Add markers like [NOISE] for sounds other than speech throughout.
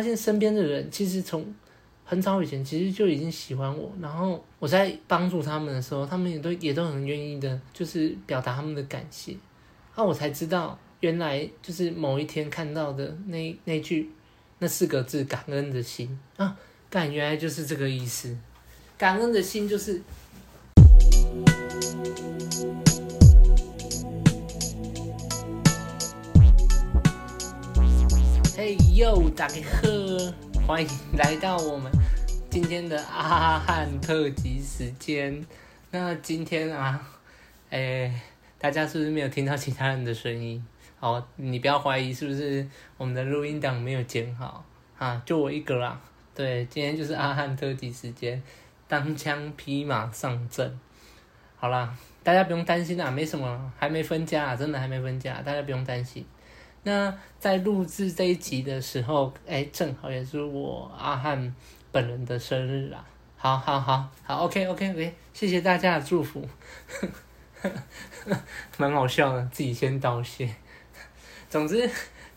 發現身邊的人其實從很早以前其實就已經喜歡我，然後我在幫助他們的時候，他們也都也都很願意的，就是表達他們的感謝啊！我才知道原來就是某一天看到的那那句那四個字“感恩的心”啊，感原來就是這個意思，感恩的心就是。哎呦，大家好，歡迎來到我們今天的阿翰特輯時間。那今天啊，誒、哎，大家是不是沒有聽到其他人的聲音？好，你不要懷疑是不是我們的錄音檔沒有剪好啊？就我一個啦。對，今天就是阿翰特輯時間，單槍匹馬上陣。好啦，大家不用擔心啦、啊，沒什麼，還沒分家、啊、真的還沒分家、啊，大家不用擔心。那在錄製這一集的時候，哎、欸，正好也是我阿翰本人的生日啦、啊。好好好好，OK OK OK，謝謝大家的祝福，蠻 [LAUGHS] 好笑的，自己先道謝。總之，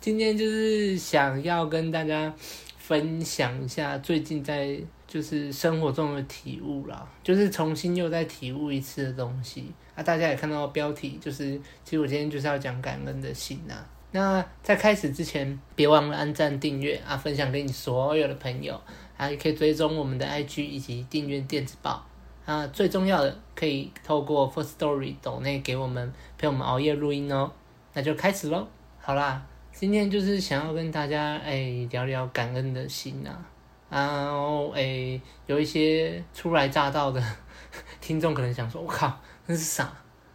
今天就是想要跟大家分享一下最近在就是生活中的體悟啦，就是重新又在體悟一次的東西。啊，大家也看到標題，就是其實我今天就是要講感恩的心吶、啊。那在開始之前，別忘了按讚、訂閱啊，分享給你所有的朋友，啊，也可以追蹤我們的 IG 以及訂閱電子報啊。最重要的，可以透過 Firstory 抖內給我們，陪我們熬夜錄音哦。那就開始嘍。好啦，今天就是想要跟大家哎、欸、聊聊感恩的心吶、啊，然後哎有一些初來乍到的 [LAUGHS] 聽眾可能想說，我、哦、靠，真是傻。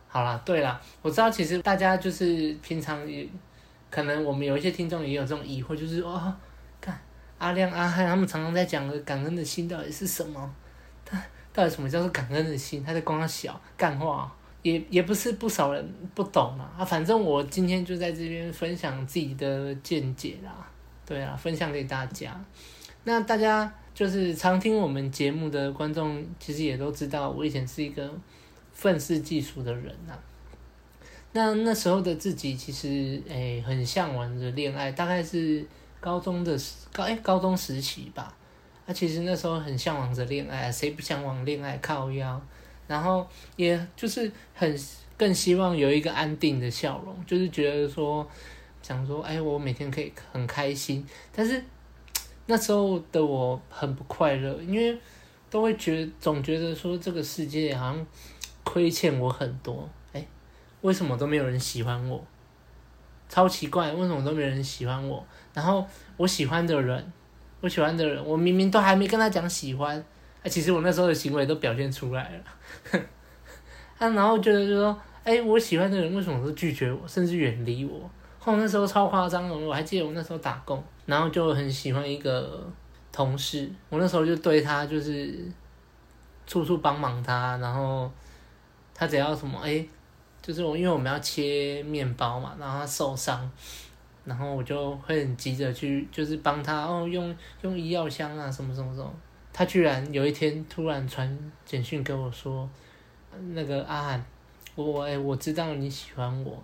好啦，對啦，我知道其實大家就是平常也。可能我們有一些聽眾也有這種疑惑，就是哦，看阿亮、阿翰他們常常在講的感恩的心到底是什麼？他到底什麼叫做感恩的心？他在光小幹話，也也不是不少人不懂嘛、啊啊。反正我今天就在這邊分享自己的見解啦，對啦、啊，分享給大家。那大家就是常聽我們節目的觀眾，其實也都知道，我以前是一個憤世嫉俗的人吶、啊。那那時候的自己其實誒、欸、很嚮往着戀愛，大概是高中的時高誒、欸、高中時期吧。啊，其實那時候很嚮往着戀愛，誰不嚮往戀愛靠腰？然後也就是很更希望有一個安定的笑容，就是覺得說想說哎、欸，我每天可以很開心。但是那時候的我很不快樂，因為都會覺總覺得說這個世界好像虧欠我很多。為什麼都沒有人喜歡我？超奇怪，為什麼都沒有人喜歡我？然後我喜歡的人，我喜歡的人，我明明都還沒跟他講喜歡，啊，其實我那時候的行為都表現出來了。 [LAUGHS] 啊，然後覺得就是說，哎、欸，我喜歡的人為什麼都拒絕我，甚至遠離我？後那時候超誇張的，我還記得我那時候打工，然後就很喜歡一個同事，我那時候就對他就是處處幫忙他，然後他只要什麼哎。欸就是我，因為我們要切面包嘛，然後他受傷，然後我就會很急着去，就是幫他，哦，用用醫藥箱啊，什麼什麼什麼。他居然有一天突然傳簡訊跟我說：“那個阿翰，我哎、欸，我知道你喜歡我，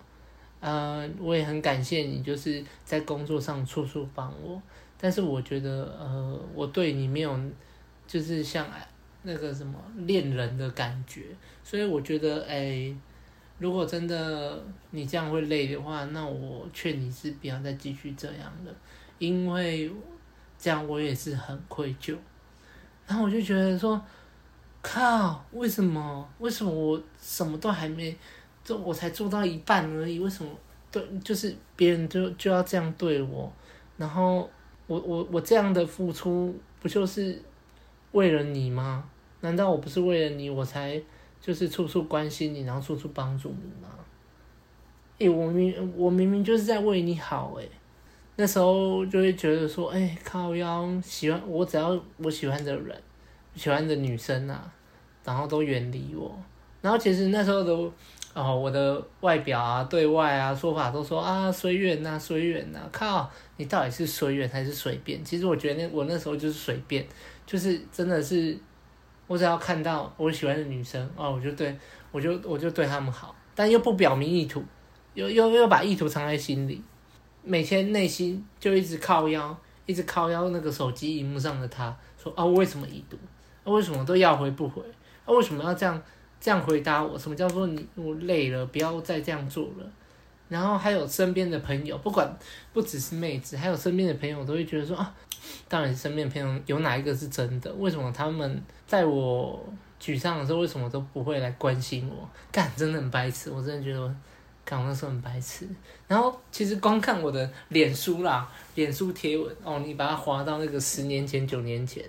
呃，我也很感謝你，就是在工作上處處幫我。但是我覺得，呃，我對你沒有，就是像那個什麼戀人的感覺，所以我覺得，哎、欸。”如果真的你這樣會累的話，那我勸你是不要再繼續這樣了，因為這樣我也是很愧疚。然後我就覺得說，靠，為什麼？為什麼我什麼都還沒做，我才做到一半而已，為什麼？對，就是別人就就要這樣對我，然後我我我這樣的付出不就是為了你嗎？難道我不是為了你我才？就是處處關心你，然後處處幫助你嘛。誒、欸，我明我明明就是在為你好誒、欸。那時候就會覺得說，哎、欸，靠腰，喜歡我，只要我喜歡的人，喜歡的女生啊，然後都遠離我。然後其實那時候都，哦、呃，我的外表啊，對外啊說法都說啊，隨緣吶，隨緣吶。靠，你到底是隨緣還是隨便？其實我覺得那我那時候就是隨便，就是真的是。我只要看到我喜歡的女生哦、啊，我就對我就我就對他們好，但又不表明意圖，又又又把意圖藏在心裡，每天內心就一直靠腰，一直靠腰那個手機熒幕上的他說啊，我為什麼已讀？啊、為什麼都要回不回？啊、為什麼要這樣這樣回答我？什麼叫做你我累了，不要再這樣做了？然後還有身邊的朋友，不管不只是妹子，還有身邊的朋友都會覺得說啊，當然身邊的朋友有哪一個是真的？為什麼他們？在我沮喪的時候，為什麼都不會來關心我？幹，真的很白痴，我真的覺得，幹，我那時候很白痴。然後，其實光看我的臉書啦，臉書貼文哦，你把它滑到那個十年前、九年前，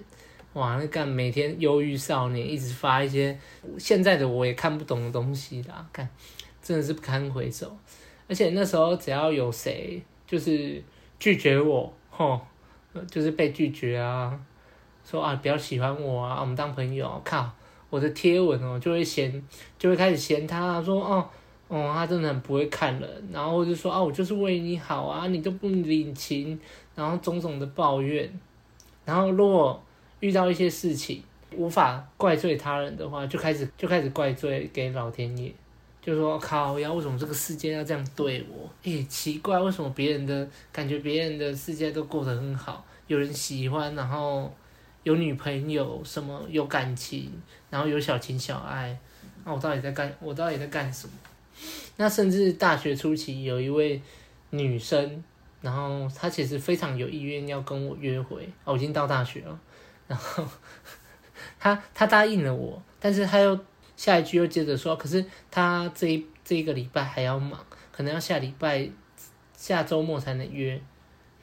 哇，那幹每天憂鬱少年一直發一些現在的我也看不懂的東西啦，幹，真的是不堪回首。而且那時候只要有誰就是拒絕我，吼，就是被拒絕啊。說啊，比較喜歡我啊，啊，我們當朋友。靠，我的貼文哦，就會嫌，就會開始嫌他，說哦，哦，他真的很不會看人。然後我就說啊，我就是為你好啊，你都不領情。然後種種的抱怨。然後如果遇到一些事情無法怪罪他人的話，就開始就開始怪罪給老天爺，就說靠呀，為什麼這個世界要這樣對我？欸，奇怪，為什麼別人的感覺，別人的世界都過得很好，有人喜歡，然後。有女朋友什麼有感情，然後有小情小愛，那、啊、我到底在幹我到底在幹什麼？那甚至大學初期有一位女生，然後她其實非常有意願要跟我約會，哦、啊，我已經到大學了，然後呵呵她她答應了我，但是她又下一句又接着說，可是她這一這一個禮拜還要忙，可能要下禮拜下周末才能約，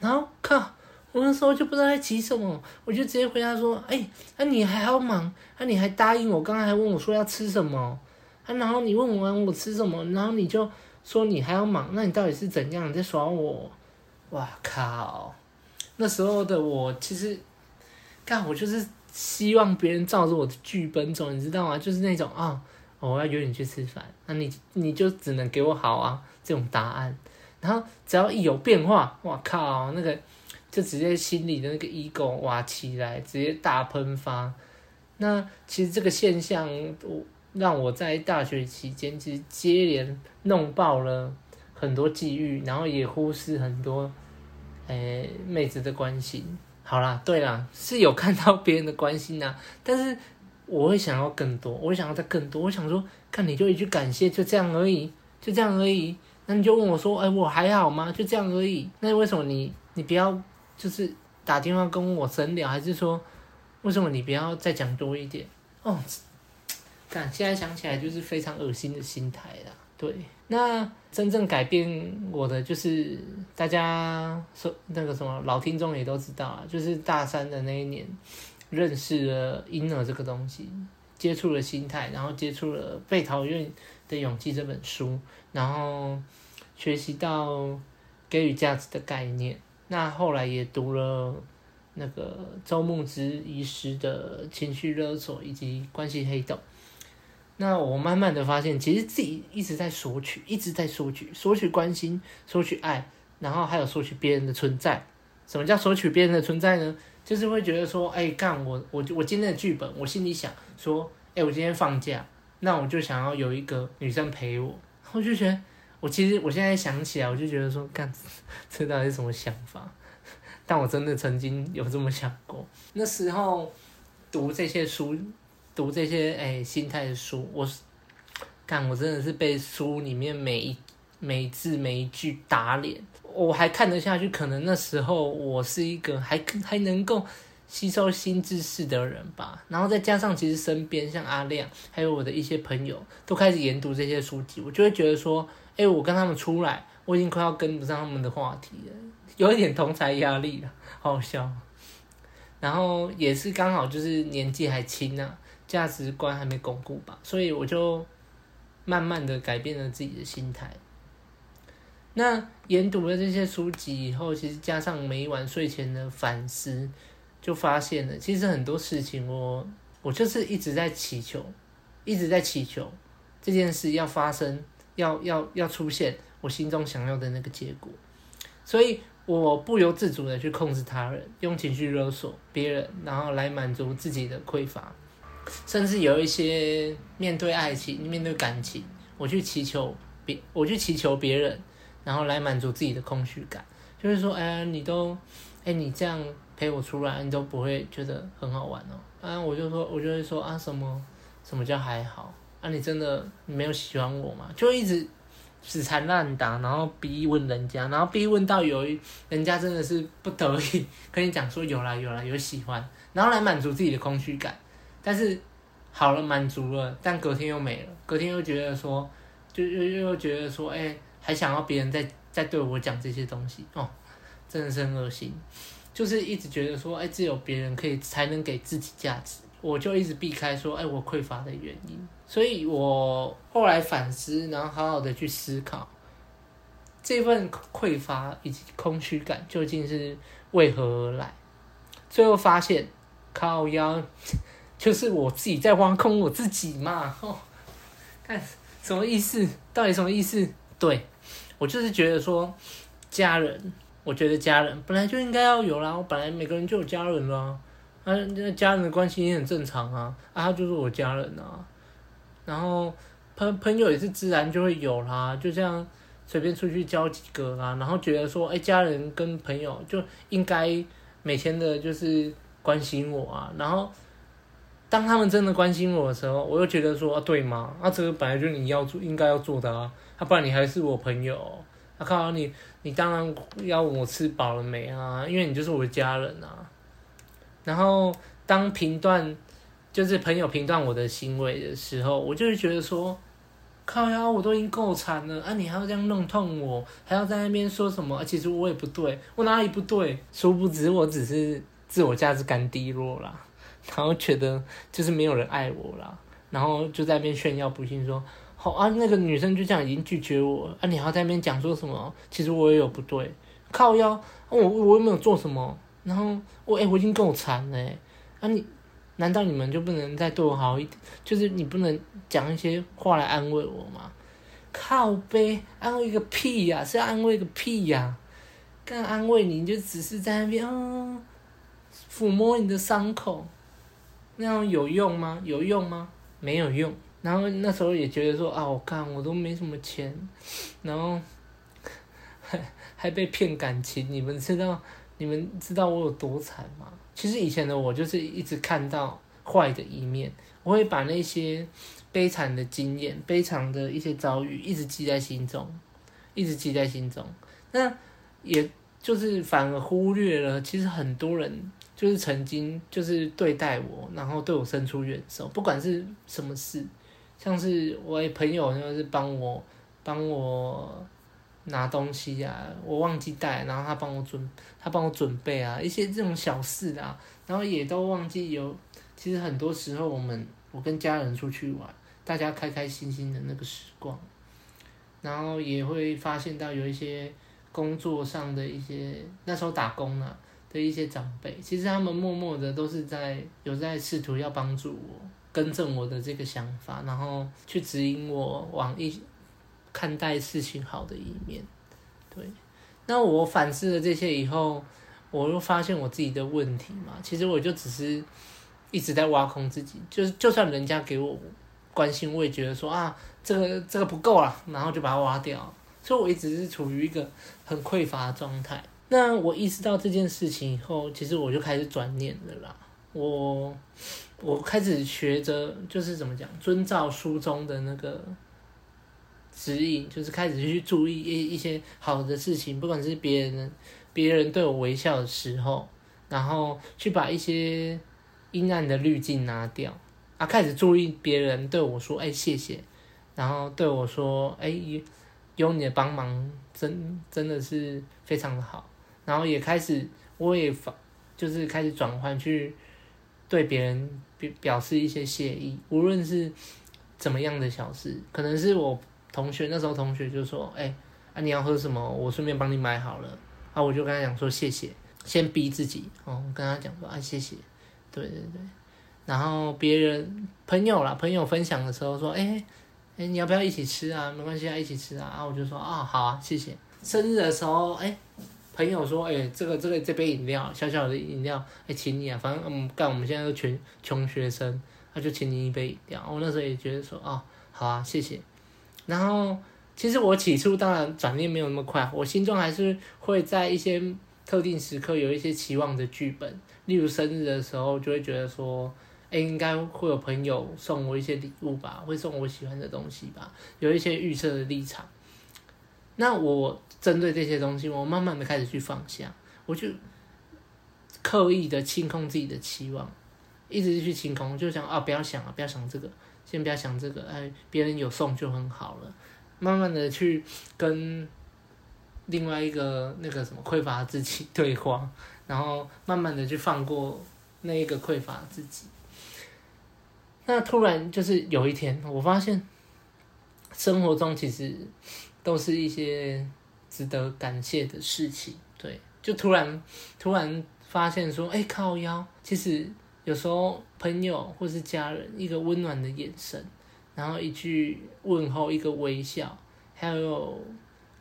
然後靠。我那時候就不知道在急什麼，我就直接回答說：“哎、欸，那、啊、你還要忙？那、啊、你還答應我？剛剛還問我說要吃什麼？啊，然後你問我我吃什麼，然後你就說你還要忙？那你到底是怎樣你在耍我？哇靠！那時候的我其實，看我就是希望別人照着我的劇本走，你知道嗎？就是那種啊，我要約你去吃飯，那、啊、你你就只能給我好啊這種答案。然後只要一有變化，哇靠，那個！”就直接心裡的那個 ego 哇起來，直接大噴發。那其實這個現象，我讓我在大學期間其實接連弄爆了很多際遇，然後也忽視很多誒、欸、妹子的關心。好啦，對啦，是有看到別人的關心啦，但是我會想要更多，我會想要再更多。我想說，看你就一句感謝，就這樣而已，就這樣而已。那你就問我說，哎、欸，我還好嗎？就這樣而已。那為什麼你你不要？就是打電話跟我神聊，還是說，為什麼你不要再講多一點？哦，感現在想起來就是非常噁心的心態啦。對，那真正改變我的就是大家說那個什麼老聽眾也都知道啊，就是大三的那一年，認識了嬰兒這個東西，接觸了心態，然後接觸了被討厭的勇氣這本書，然後學習到給予價值的概念。那後來也讀了那個周慕姿醫師的情緒勒索以及關係黑洞。那我慢慢的發現，其實自己一直在索取，一直在索取，索取關心，索取愛，然後還有索取別人的存在。什麼叫索取別人的存在呢？就是會覺得說，哎，幹我我我今天的劇本，我心裡想說，哎，我今天放假，那我就想要有一個女生陪我，我就覺得。我其實我現在想起來，我就覺得說，幹，這到底是什麼想法？但我真的曾經有這麼想過。那時候讀這些書，讀這些哎心態的書，我幹，我真的是被書裡面每、每一、每一字每一句打臉。我還看得下去，可能那時候我是一個還還能夠吸收新知識的人吧。然後再加上其實身邊像阿亮還有我的一些朋友都開始研讀這些書籍，我就會覺得說。哎，我跟他們出來，我已經快要跟不上他們的話題了，有一點同才壓力同儕壓力了，好笑。然後也是剛好就是年紀還輕啊，價值觀還沒鞏固吧，所以我就慢慢的改變了自己的心態。那研讀了這些書籍以後，其實加上每一晚睡前的反思，就發現了，其實很多事情我我就是一直在祈求，一直在祈求這件事要發生。要要要出現我心中想要的那個結果，所以我不由自主的去控制他人，用情緒勒索別人，然後來滿足自己的匱乏。甚至有一些面對愛情、面對感情，我去祈求別，我去祈求別人，然後來滿足自己的空虛感。就是說，哎呀，你都，哎，你這樣陪我出來，你都不會覺得很好玩哦。啊，我就說，我就會說啊，什麼什麼叫還好？那、啊、你真的你沒有喜歡我嗎？就一直死纏爛打，然後逼問人家，然後逼問到有一人家真的是不得已跟你講說有啦有啦有喜歡，然後來滿足自己的空虛感。但是好了滿足了，但隔天又沒了，隔天又覺得說就又又覺得說哎、欸、還想要別人再再對我講這些東西哦，真的是很噁心，就是一直覺得說哎、欸、只有別人可以才能給自己價值。我就一直避開說，哎、欸，我匱乏的原因。所以，我後來反思，然後好好的去思考這份匱乏以及空虛感究竟是為何而來。最後發現，靠腰，就是我自己在挖空我自己嘛。哦、看什麼意思？到底什麼意思？對，我就是覺得說，家人，我覺得家人本來就應該要有啦。我本來每個人就有家人啦。啊，那家人的關心也很正常啊。啊，他就是我家人啊。然後朋朋友也是自然就會有啦。就這樣隨便出去交幾個啦，啊。然後覺得說，哎，家人跟朋友就應該每天的就是關心我啊。然後當他們真的關心我的時候，我又覺得說，啊，對嗎？啊，這個本來就是你要做應該要做的啊。他，啊，不然你還是我朋友。啊，剛好你你當然要問我吃飽了沒啊，因為你就是我的家人啊。然後當評斷，就是朋友評斷我的行為的時候，我就會覺得說，靠腰我都已經夠慘了啊，你還要這樣弄痛我，還要在那邊說什麼？啊、其實我也不對，我哪裡不對？殊不知，我只是自我價值感低落啦。然後覺得就是沒有人愛我啦，然後就在那邊炫耀不幸說，好、哦、啊，那個女生就這樣已經拒絕我啊，你還要在那邊講說什麼？其實我也有不對，靠腰，啊、我我又沒有做什麼。然後我哎、哦欸，我已經夠慘了，欸，那、啊、你，難道你們就不能再對我好一點？就是你不能講一些話來安慰我嗎？靠北，安慰個屁呀，啊！是要安慰個屁呀，啊？幹安慰你，你就只是在那邊、哦、撫摸你的傷口，那樣有用嗎？有用嗎？沒有用。然後那時候也覺得說啊，我幹，我都沒什麼錢，然後還還被騙感情，你們知道。你們知道我有多慘嗎？其實以前的我就是一直看到壞的一面，我會把那些悲慘的經驗、悲慘的一些遭遇一直記在心中，一直記在心中。那也就是反而忽略了，其實很多人就是曾經就是對待我，然後對我伸出援手，不管是什麼事，像是我的朋友就是幫我，幫我。拿東西啊，我忘記帶，然後他幫我準，他幫我準備啊，一些這種小事啊，然後也都忘記有。其實很多時候，我們我跟家人出去玩，大家開開心心的那個時光，然後也會發現到有一些工作上的一些，那時候打工啊的一些長輩，其實他們默默的都是在有在試圖要幫助我，更正我的這個想法，然後去指引我往一。看待事情好的一面，對。那我反思了這些以後，我又發現我自己的問題嘛。其實我就只是一直在挖空自己，就是就算人家給我關心，我也覺得說啊，這個這個不夠了啊，然後就把它挖掉。所以，我一直是處於一個很匱乏的狀態。那我意識到這件事情以後，其實我就開始轉念了啦。我我開始學着，就是怎麼講，遵照書中的那個。指引就是開始去注意一一些好的事情，不管是別人，別人對我微笑的時候，然後去把一些陰暗的濾鏡拿掉啊，開始注意別人對我說：“哎，謝謝。”然後對我說：“哎，有有你的幫忙，真的真的是非常的好。”然後也開始我也發就是開始轉換去對別人表表示一些謝意，無論是怎麼樣的小事，可能是我。同學，那時候同學就說：“哎、欸，啊你要喝什麼？我順便幫你買好了。”啊，我就跟他講說：“謝謝。”先逼自己哦，我跟他講說：“啊謝謝。”對對對，然後別人朋友啦，朋友分享的時候說：“哎、欸，哎、欸、你要不要一起吃啊？沒關係啊，一起吃啊。啊”然後我就說：“啊、哦、好啊，謝謝。”生日的時候，哎、欸，朋友說：“哎、欸、這個這個這杯飲料小小的飲料，哎、欸、請你啊，反正嗯，幹我們現在都全窮學生，他、啊、就請你一杯飲料。”我那時候也覺得說：“啊、哦、好啊，謝謝。”然後，其實我起初當然轉念沒有那麼快，我心中還是會在一些特定時刻有一些期望的劇本，例如生日的時候，就會覺得說，哎，應該會有朋友送我一些禮物吧，會送我喜歡的東西吧，有一些預設的立場。那我針對這些東西，我慢慢的開始去放下，我就刻意的清空自己的期望，一直去清空，就想啊，不要想了，啊，不要想這個。先不要想這個，哎，別人有送就很好了。慢慢的去跟另外一個那個什麼匱乏自己對話，然後慢慢的去放過那一個匱乏自己。那突然就是有一天，我發現生活中其實都是一些值得感謝的事情。對，就突然突然發現說，欸，靠腰，其實。有時候朋友或是家人一個溫暖的眼神，然後一句問候，一個微笑，還有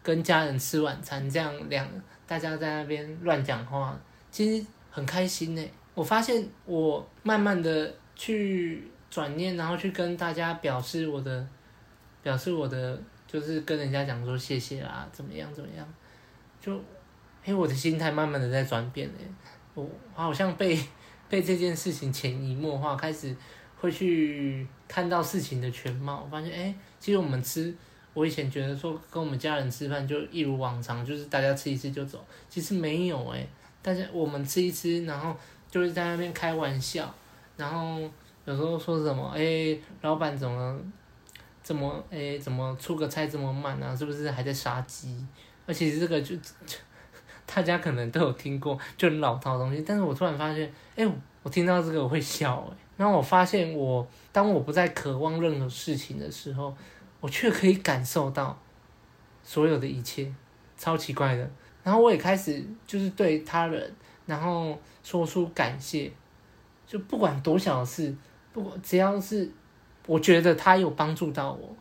跟家人吃晚餐，這樣兩，大家在那邊亂講話，其實很開心呢。我發現我慢慢的去轉念，然後去跟大家表示我的，表示我的就是跟人家講說謝謝啦，怎麼樣怎麼樣，就因為我的心態慢慢的在轉變呢，我我好像被。被這件事情潛移默化，開始會去看到事情的全貌。我發現，欸，其實我們吃，我以前覺得說跟我們家人吃飯就一如往常，就是大家吃一吃就走。其實沒有欸，哎，大家我們吃一吃，然後就是在那邊開玩笑，然後有時候說什麼，欸，老闆怎麼，怎麼，欸，怎麼出個菜這麼慢啊？是不是還在殺雞？而且這個就。大家可能都有聽過，就很老套的東西。但是我突然發現，哎，欸，我聽到這個我會笑，欸。哎，然後我發現我，我當我不再渴望任何事情的時候，我卻可以感受到所有的一切，超奇怪的。然後我也開始就是對他人，然後說出感謝，就不管多小的事，不管只要是我覺得他有幫助到我，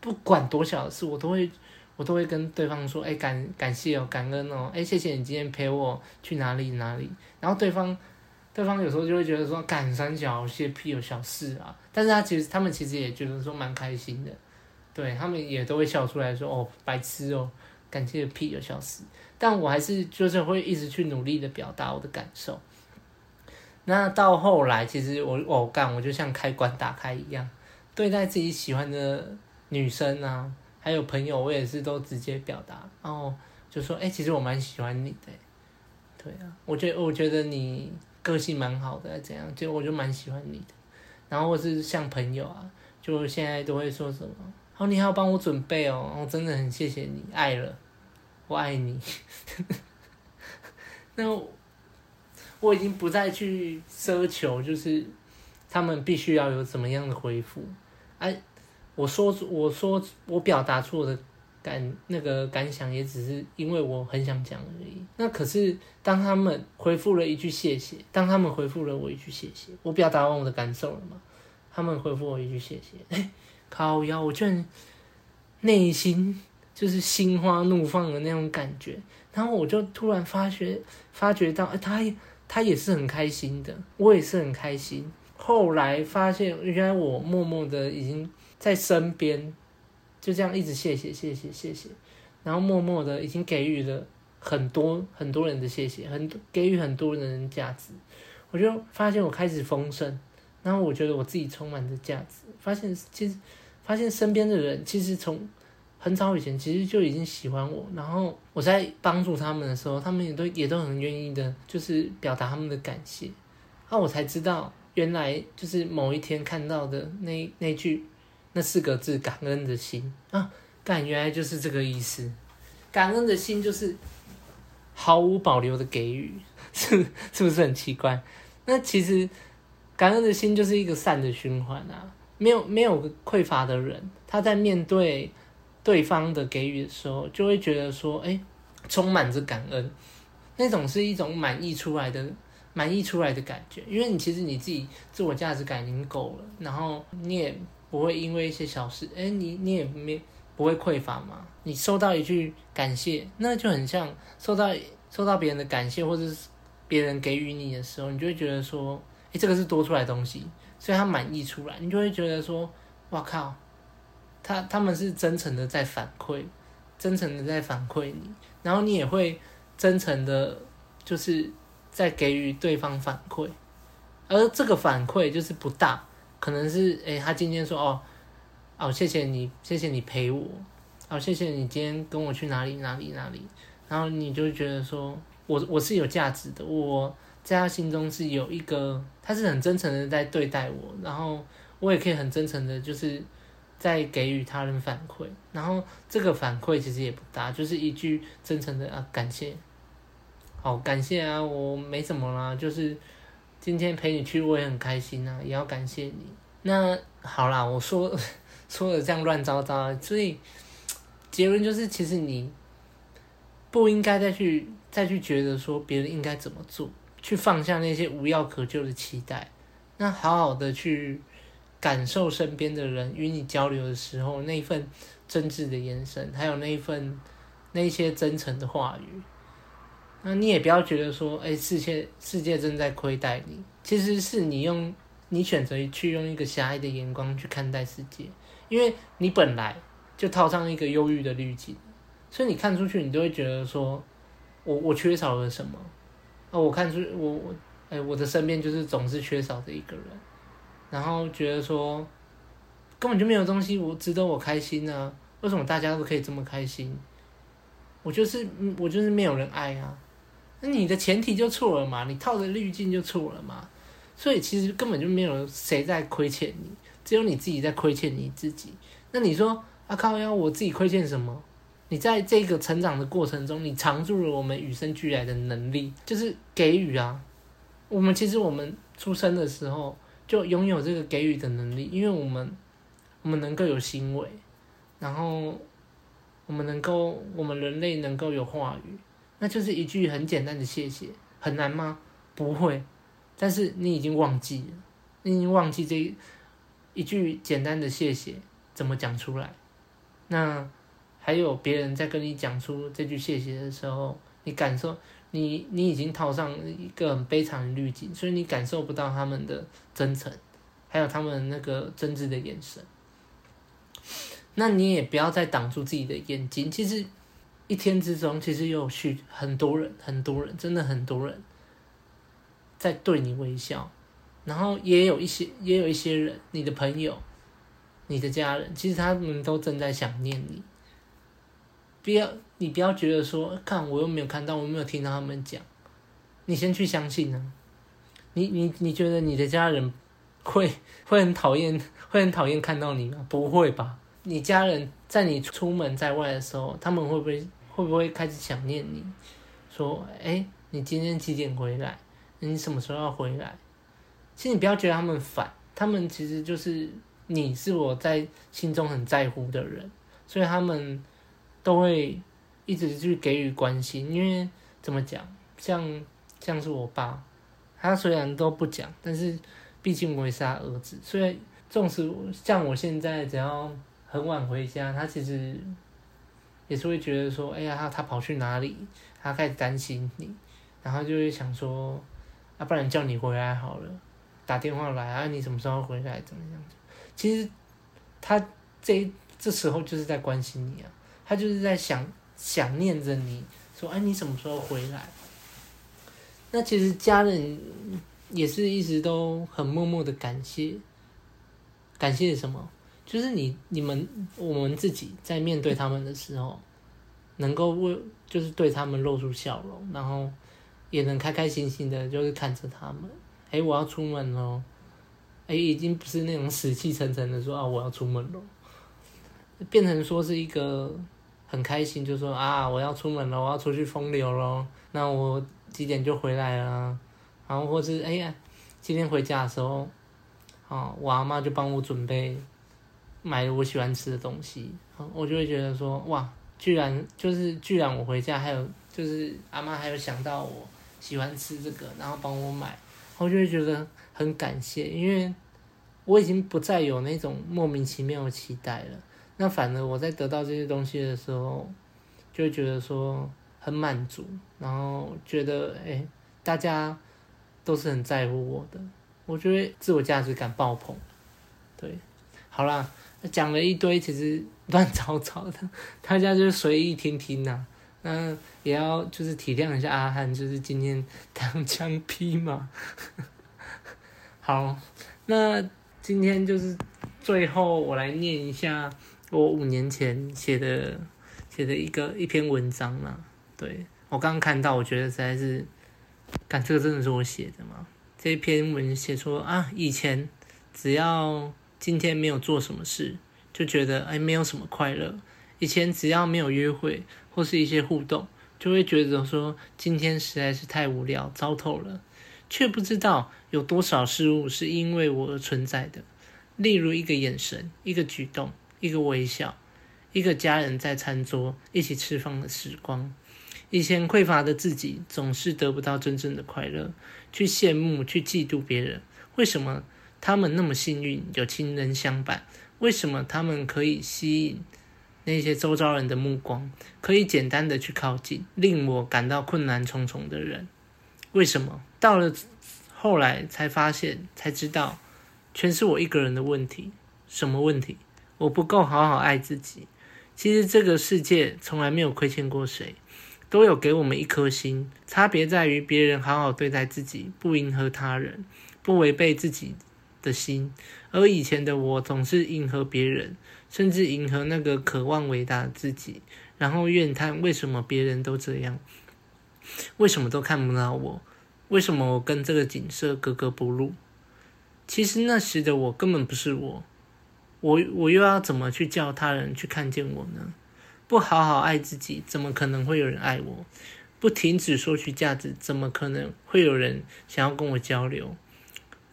不管多小的事，我都會。我都會跟對方說：“哎、欸，感感謝哦，感恩哦，哎、欸，謝謝你今天陪我去哪裡哪裡。”然後對方，對方有時候就會覺得說：“感三小，謝屁有小事啊。”但是他其實，他們其實也覺得說蠻開心的，對他們也都會笑出來說：“哦，白痴哦，感謝屁有小事。”但我還是就是會一直去努力的表達我的感受。那到後來，其實我我感、哦、我就像開關打開一樣，對待自己喜歡的女生啊。還有朋友，我也是都直接表達，然後就說：“哎，其實我蠻喜歡你的，欸，對啊，我覺得我覺得你個性蠻好的，這樣，就我就蠻喜歡你的。然後或是像朋友啊，就現在都會說什麼，哦，你還要幫我準備哦，然後真的很謝謝你，愛了，我愛你。 [LAUGHS] 那我，我已經不再去奢求，就是他們必須要有怎麼樣的回復，啊。”我說，我說，我表達出我的感那個感想，也只是因為我很想講而已。那可是當他們回復了一句謝謝，當他們回復了我一句謝謝，我表達完我的感受了嗎？他們回復我一句謝謝，哎、欸，靠腰！我居然內心就是心花怒放的那種感覺。然後我就突然發覺，發覺到哎、欸，他他也是很開心的，我也是很開心。後來發現原來我默默的已經。在身邊，就這樣一直謝謝謝謝謝謝，然後默默的已經給予了很多很多人的謝謝，很給予很多人的價值，我就發現我開始豐盛，然後我覺得我自己充滿着價值，發現其實發現身邊的人其實從很早以前其實就已經喜歡我，然後我在幫助他們的時候，他們也都也都很願意的，就是表達他們的感謝，啊，我才知道原來就是某一天看到的那那句。那四個字“感恩的心”啊，感原來就是這個意思。感恩的心就是毫無保留的給予，是是不是很奇怪？那其實感恩的心就是一個善的循環啊。沒有沒有匱乏的人，他在面對對方的給予的時候，就會覺得說：“哎，充滿着感恩，那種是一種滿溢出來的滿溢出來的感覺。”因為你其實你自己自我價值感已經夠了，然後你也。不會因為一些小事，哎，你你也沒不會匱乏嘛？你收到一句感謝，那就很像收到收到別人的感謝或者是別人給予你的時候，你就會覺得說，哎，這個是多出來的東西，所以他滿意出來，你就會覺得說，哇靠，他他們是真誠的在反饋，真誠的在反饋你，然後你也會真誠的就是在給予對方反饋，而這個反饋就是不大。可能是誒，他今天說哦哦，謝謝你，謝謝你陪我，哦謝謝你今天跟我去哪裡哪裡哪裡，然後你就覺得說我我是有價值的，我在他心中是有一個，他是很真誠的在對待我，然後我也可以很真誠的，就是在給予他人反饋，然後這個反饋其實也不大，就是一句真誠的啊感謝，好感謝啊，我沒什麼啦，就是。今天陪你去，我也很開心吶、啊，也要感謝你。那好啦，我說，說的這樣亂糟糟的，所以結論就是，其實你不應該再去再去覺得說別人應該怎麼做，去放下那些無藥可救的期待，那好好的去感受身邊的人與你交流的時候那一份真摯的眼神，還有那一份那一些真誠的話語。那你也不要覺得說，欸，世界世界正在虧待你，其實是你用你選擇去用一個狹隘的眼光去看待世界，因為你本來就套上一個憂鬱的濾鏡，所以你看出去，你都會覺得說，我我缺少了什麼？啊，我看出我我欸，我的身邊就是總是缺少的一個人，然後覺得說，根本就沒有東西我值得我開心啊？為什麼大家都可以這麼開心？我就是我就是沒有人愛啊！那你的前提就錯了嘛，你套的濾鏡就錯了嘛，所以其實根本就沒有誰在虧欠你，只有你自己在虧欠你自己。那你說阿康幺，我自己虧欠什麼？你在這個成長的過程中，你藏住了我們與生俱來的能力，就是給予啊。我們其實我們出生的時候就擁有這個給予的能力，因為我們我們能夠有行為，然後我們能夠我們人類能夠有話語。那就是一句很簡單的謝謝，很難嗎？不會，但是你已經忘記了，你已經忘記這一句簡單的謝謝怎麼講出來。那還有別人在跟你講出這句謝謝的時候，你感受，你你已經套上一個很悲慘的濾鏡，所以你感受不到他們的真誠，還有他們那個真摯的眼神。那你也不要再擋住自己的眼睛，其實。一天之中，其實有許很多人，很多人，真的很多人，在對你微笑，然後也有一些，也有一些人，你的朋友，你的家人，其實他們都正在想念你。不要，你不要覺得說，看，我又沒有看到，我沒有聽到他們講，你先去相信呢，啊。你你你覺得你的家人會會很討厭，會很討厭看到你嗎？不會吧？你家人在你出門在外的時候，他們會不會？會不會開始想念你？說，哎，你今天幾點回來？你什麼時候要回來？其實你不要覺得他們煩，他們其實就是你是我在心中很在乎的人，所以他們都會一直去給予關心。因為怎麼講，像像是我爸，他雖然都不講，但是畢竟我也是他兒子，所以縱使像我現在只要很晚回家，他其實。也是會覺得說，哎呀，他他跑去哪裡？他開始擔心你，然後就會想說，啊，不然叫你回來好了，打電話來啊，你什麼時候回來？怎麼樣子？其實他這這時候就是在關心你啊，他就是在想想念着你，說，啊，你什麼時候回來？那其實家人也是一直都很默默的感謝。感謝什麼？就是你、你們、我們自己在面對他們的時候，能夠為就是對他們露出笑容，然後也能開開心心的，就是看着他們。哎、欸，我要出門嘍！哎、欸，已經不是那種死氣沉沉的說啊，我要出門了，變成說是一個很開心就，就說啊，我要出門了，我要出去風流咯。那我幾點就回來了、啊？然後或是哎呀、欸，今天回家的時候，啊，我阿媽就幫我準備。買了我喜歡吃的東西，我就會覺得說哇，居然，就是居然我回家還有就是阿媽還有想到我喜歡吃這個，然後幫我買，我就會覺得很感謝，因為我已經不再有那種莫名其妙的期待了。那反而我在得到這些東西的時候，就會覺得說很滿足，然後覺得哎、欸，大家都是很在乎我的，我覺得自我價值感爆棚。對，好啦。講了一堆，其實亂糟糟的，大家就是隨意聽聽吶、啊。嗯，也要就是體諒一下阿翰，就是今天單槍匹馬。 [LAUGHS] 好，那今天就是最後我來念一下我五年前寫的寫的一個一篇文章嘛。對，我剛剛看到，我覺得實在是，感這個真的是我寫的嘛。這篇文寫說啊，以前只要。今天沒有做什麼事，就覺得哎，沒有什麼快樂。以前只要沒有約會或是一些互動，就會覺得說今天實在是太無聊，糟透了。卻不知道有多少事物是因為我而存在的，例如一個眼神、一個舉動、一個微笑、一個家人在餐桌一起吃飯的時光。以前匱乏的自己總是得不到真正的快樂，去羨慕、去嫉妒別人，為什麼？他們那麼幸運，有親人相伴，為什麼他們可以吸引那些周遭人的目光，可以簡單的去靠近，令我感到困難重重的人？為什麼到了後來才發現，才知道全是我一個人的問題？什麼問題？我不夠好好愛自己。其實這個世界從來沒有虧欠過誰，都有給我們一顆心，差別在於別人好好對待自己，不迎合他人，不違背自己。的心，而以前的我總是迎合別人，甚至迎合那個渴望偉大的自己，然後怨嘆為什麼別人都這樣，為什麼都看不到我，為什麼我跟這個景色格格不入？其實那時的我根本不是我，我我又要怎麼去叫他人去看見我呢？不好好愛自己，怎麼可能會有人愛我？不停止索取價值，怎麼可能會有人想要跟我交流？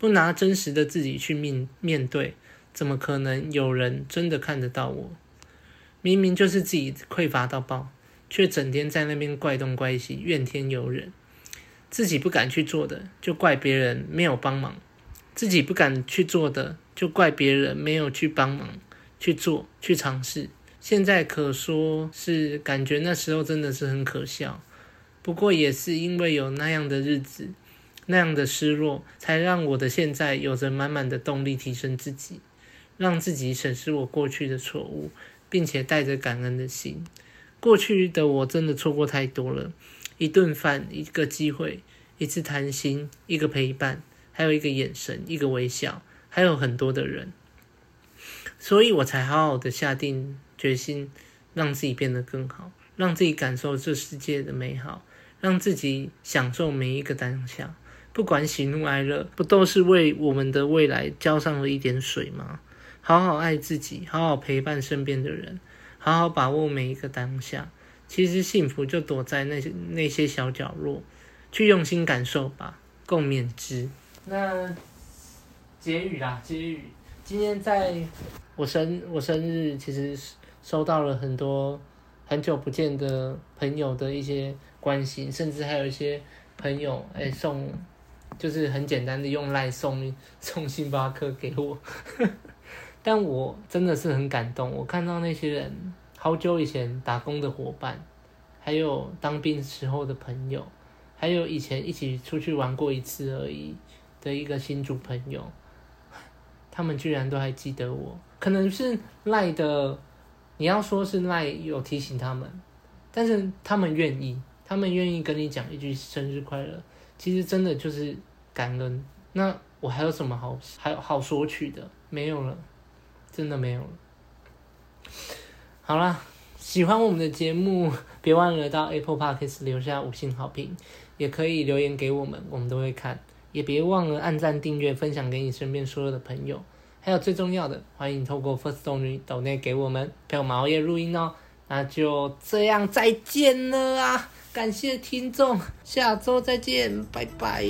不拿真實的自己去面面對，怎麼可能有人真的看得到我？明明就是自己匱乏到爆，卻整天在那邊怪東怪西，怨天尤人。自己不敢去做的，就怪別人沒有幫忙；自己不敢去做的，就怪別人沒有去幫忙去做、去嘗試。現在可說是感覺那時候真的是很可笑，不過也是因為有那樣的日子。那樣的失落，才讓我的現在有着滿滿的動力提升自己，讓自己審視我過去的錯誤，並且帶着感恩的心。過去的我真的錯過太多了，一頓飯、一個機會、一次談心、一個陪伴，還有一個眼神、一個微笑，還有很多的人，所以我才好好的下定決心，讓自己變得更好，讓自己感受這世界的美好，讓自己享受每一個當下。不管喜怒哀樂，不都是為我們的未來澆上了一點水嗎？好好愛自己，好好陪伴身邊的人，好好把握每一個當下。其實幸福就躲在那些那些小角落，去用心感受吧。共勉之。那結語啦，結語。今天在我生我生日，其實收到了很多很久不見的朋友的一些關心，甚至還有一些朋友誒送。就是很簡單的用賴送送星巴克給我， [LAUGHS] 但我真的是很感動。我看到那些人，好久以前打工的夥伴，還有當兵時候的朋友，還有以前一起出去玩過一次而已的一個新竹朋友，他們居然都還記得我。可能是賴的，你要說是賴有提醒他們，但是他們願意，他們願意跟你講一句生日快樂。其實真的就是感恩。那我還有什麼好還有好索取的？沒有了，真的沒有了。好啦，喜歡我們的節目，別忘了到 Apple Podcast 留下五星好評，也可以留言給我們，我們都會看。也別忘了按讚、訂閱、分享給你身邊所有的朋友。還有最重要的，歡迎透過 Firstory 抖內給我們，陪我們熬夜錄音哦、喔。那就這樣，再見了啊！感謝聽眾，下周再見，拜拜。